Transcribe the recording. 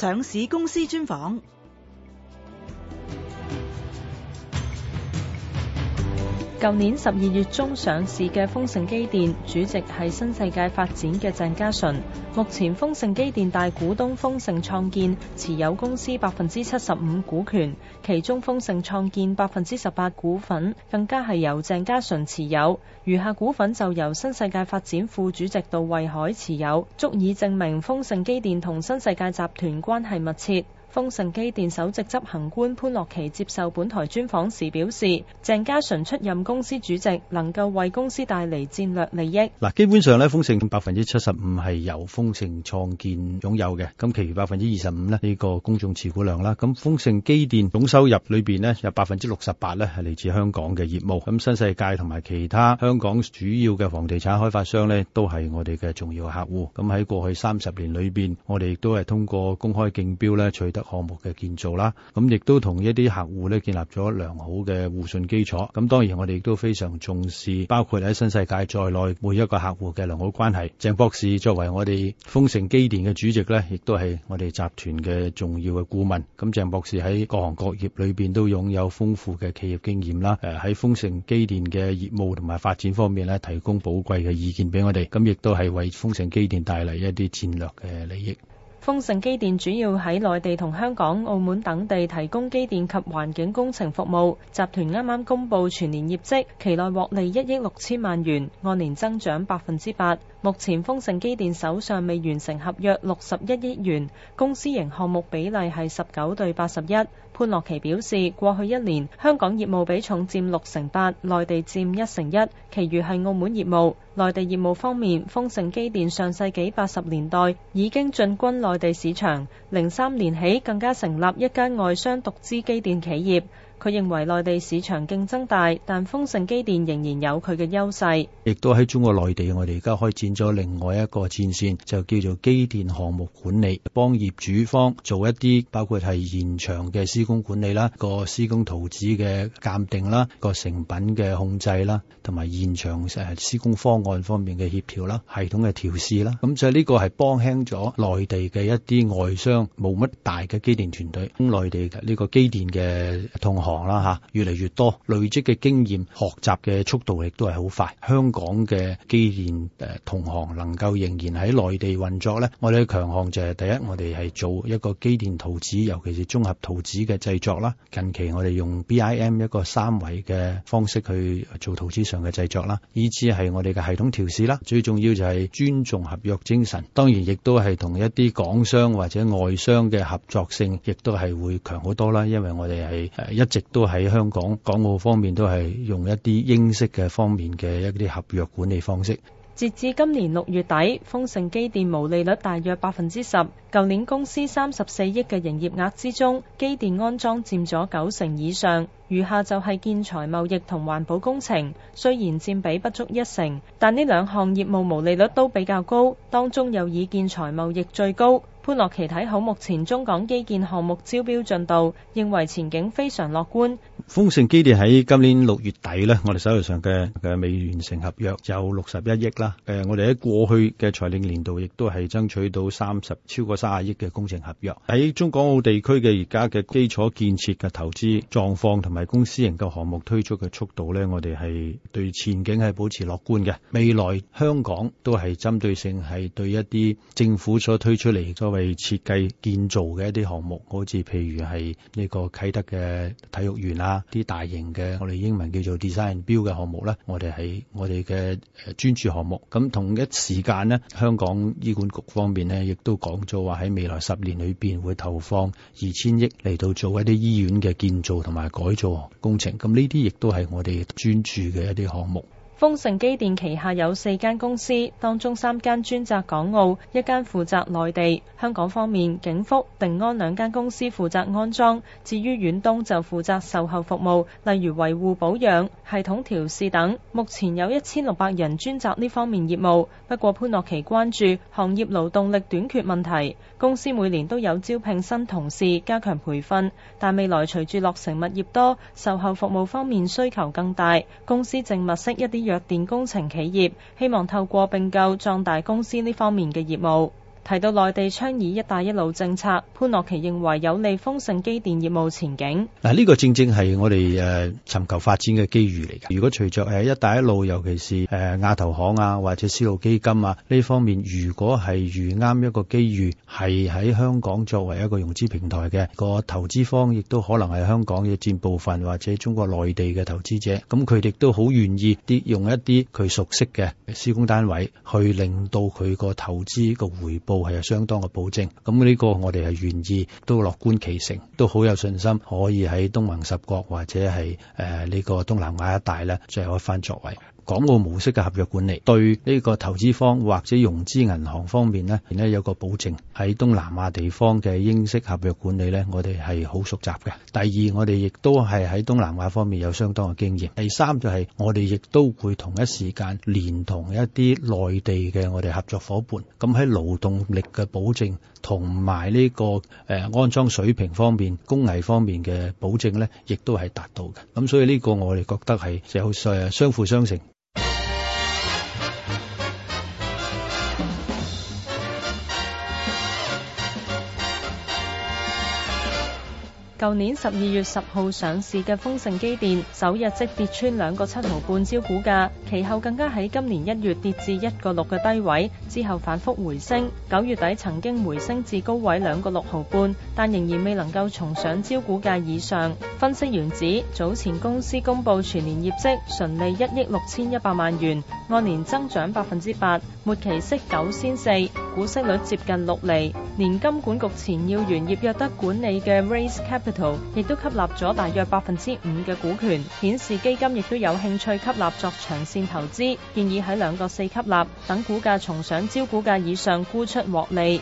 上市公司專訪。舊年十二月中上市嘅豐盛機電，主席係新世界發展嘅鄭家純，目前豐盛機電大股東豐盛創建，持有公司百分之七十五股權，其中豐盛創建百分之十八股份更加係由鄭家純持有，餘下股份就由新世界發展副主席杜惠愷持有，足以證明豐盛機電同新世界集團關係密切。豐盛機電首席執行官潘樂琪接受本台專訪時表示，鄭家純出任公司主席，能夠為公司帶嚟戰略利益。嗱，基本上咧，豐盛百分之七十五係由豐盛創建擁有嘅，咁其餘百分之二十五呢，呢、這個公眾持股量啦。咁豐盛機電總收入裏邊呢，有百分之六十八呢係嚟自香港嘅業務。咁新世界同埋其他香港主要嘅房地產開發商呢，都係我哋嘅重要客戶。咁喺過去三十年裏邊，我哋亦都係通過公開競標呢。取項目嘅建造啦，咁亦都同一啲客戶咧建立咗良好嘅互信基礎。咁當然我哋都非常重視，包括喺新世界在內每一個客戶嘅良好關係。鄭博士作為我哋豐盛機電嘅主席咧，亦都係我哋集團嘅重要嘅顧問。咁鄭博士喺各行各業裏邊都擁有豐富嘅企業經驗啦。誒喺豐盛機電嘅業務同埋發展方面咧，提供寶貴嘅意見俾我哋。咁亦都係為豐盛機電帶嚟一啲戰略嘅利益。豐盛機電主要喺內地同香港、澳門等地提供機電及環境工程服務。集團啱啱公布全年業績，期內獲利一億六千萬元，按年增長百分之八。目前豐盛機電手上未完成合約六十一億元，公私營項目比例係十九對八十一。潘樂祺表示，過去一年香港業務比重佔六成八，內地佔一成一，其餘係澳門業務。內地業務方面，豐盛機電上世紀八十年代已經進軍內地市場，零三年起更加成立一家外商獨資機電企業。佢認為內地市場競爭大，但豐盛機電仍然有佢嘅優勢。亦都喺中國內地，我哋而家開展咗另外一個戰線，就叫做機電項目管理，幫業主方做一啲包括係現場嘅施工管理啦，個施工圖紙嘅鑑定啦，個成品嘅控制啦，同埋現場誒施工方案方面嘅協調啦，系統嘅調試啦。咁就係呢個係幫輕咗內地嘅一啲外商冇乜大嘅機電團隊，內地嘅呢個機電嘅同學。行啦嚇，越嚟越多累積嘅經驗，學習嘅速度亦都係好快。香港嘅機電誒同行能夠仍然喺內地運作呢，我哋嘅強項就係第一，我哋係做一個機電圖紙，尤其是綜合圖紙嘅製作啦。近期我哋用 BIM 一個三維嘅方式去做圖紙上嘅製作啦，以至係我哋嘅系統調試啦。最重要就係尊重合約精神，當然亦都係同一啲港商或者外商嘅合作性，亦都係會強好多啦。因為我哋係誒一直。亦都喺香港、港澳方面都係用一啲英式嘅方面嘅一啲合約管理方式。截至今年六月底，豐盛機電毛利率大約百分之十。舊年公司三十四億嘅營業額之中，機電安裝佔咗九成以上。餘下就係建材貿易同環保工程，雖然佔比不足一成，但呢兩項業務毛利率都比較高，當中又以建材貿易最高。潘樂祺睇好目前中港基建項目招標進度，認為前景非常樂觀。豐盛基地喺今年六月底呢，我哋手頭上嘅嘅未完成合約有六十一億啦。誒，我哋喺過去嘅財政年度亦都係爭取到三十超過三十億嘅工程合約。喺中港澳地區嘅而家嘅基礎建設嘅投資狀況同埋，公司型嘅項目推出嘅速度咧，我哋係對前景係保持樂觀嘅。未來香港都係針對性係對一啲政府所推出嚟作為設計建造嘅一啲項目，好似譬如係呢個啟德嘅體育園啊，啲大型嘅我哋英文叫做 design build 嘅項目啦，我哋喺我哋嘅誒專注項目。咁同一時間咧，香港醫管局方面咧，亦都講咗話，喺未來十年裏邊會投放二千億嚟到做一啲醫院嘅建造同埋改造。工程，咁呢啲亦都係我哋專注嘅一啲項目。豐盛機電旗下有四間公司，當中三間專責港澳，一間負責內地。香港方面，景福、定安兩間公司負責安裝，至於遠東就負責售後服務，例如維護保養、系統調試等。目前有一千六百人專責呢方面業務。不過潘樂祺關注行業勞動力短缺問題，公司每年都有招聘新同事加強培訓，但未來隨住落成物業多，售後服務方面需求更大，公司正物色一啲。弱電工程企業希望透過併購壯大公司呢方面嘅業務。提到內地倡議「一帶一路」政策，潘樂祺認為有利豐盛機電業務前景。嗱，呢個正正係我哋誒尋求發展嘅機遇嚟㗎。如果隨着誒「一帶一路」，尤其是誒亞投行啊，或者絲路基金啊呢方面，如果係遇啱一個機遇，係喺香港作為一個融資平台嘅個投資方，亦都可能係香港嘅佔部分，或者中國內地嘅投資者。咁佢哋都好願意啲用一啲佢熟悉嘅施工單位，去令到佢個投資個回報。係相當嘅保證。咁呢個我哋係願意都樂觀其成，都好有信心可以喺東盟十國或者係誒呢個東南亞一帶咧，最後一番作為。港澳模式嘅合約管理對呢個投資方或者融資銀行方面呢，呢有個保證。喺東南亞地方嘅英式合約管理呢，我哋係好熟習嘅。第二，我哋亦都係喺東南亞方面有相當嘅經驗。第三就係、是、我哋亦都會同一時間連同一啲內地嘅我哋合作伙伴咁喺勞動力嘅保證同埋呢個誒、呃、安裝水平方面、工藝方面嘅保證呢，亦都係達到嘅。咁所以呢個我哋覺得係有好、呃、相輔相成。舊年十二月十號上市嘅豐盛機電首日即跌穿兩個七毫半招股價，其後更加喺今年一月跌至一個六嘅低位，之後反復回升。九月底曾經回升至高位兩個六毫半，但仍然未能夠重上招股價以上。分析員指，早前公司公布全年業績純利一億六千一百萬元，按年增長百分之八。末期息九千四，股息率接近六厘。年金管局前要員葉約德管理嘅 Race Capital 亦都吸納咗大約百分之五嘅股權，顯示基金亦都有興趣吸納作長線投資。建議喺兩個四吸納，等股價重上招股價以上沽出獲利。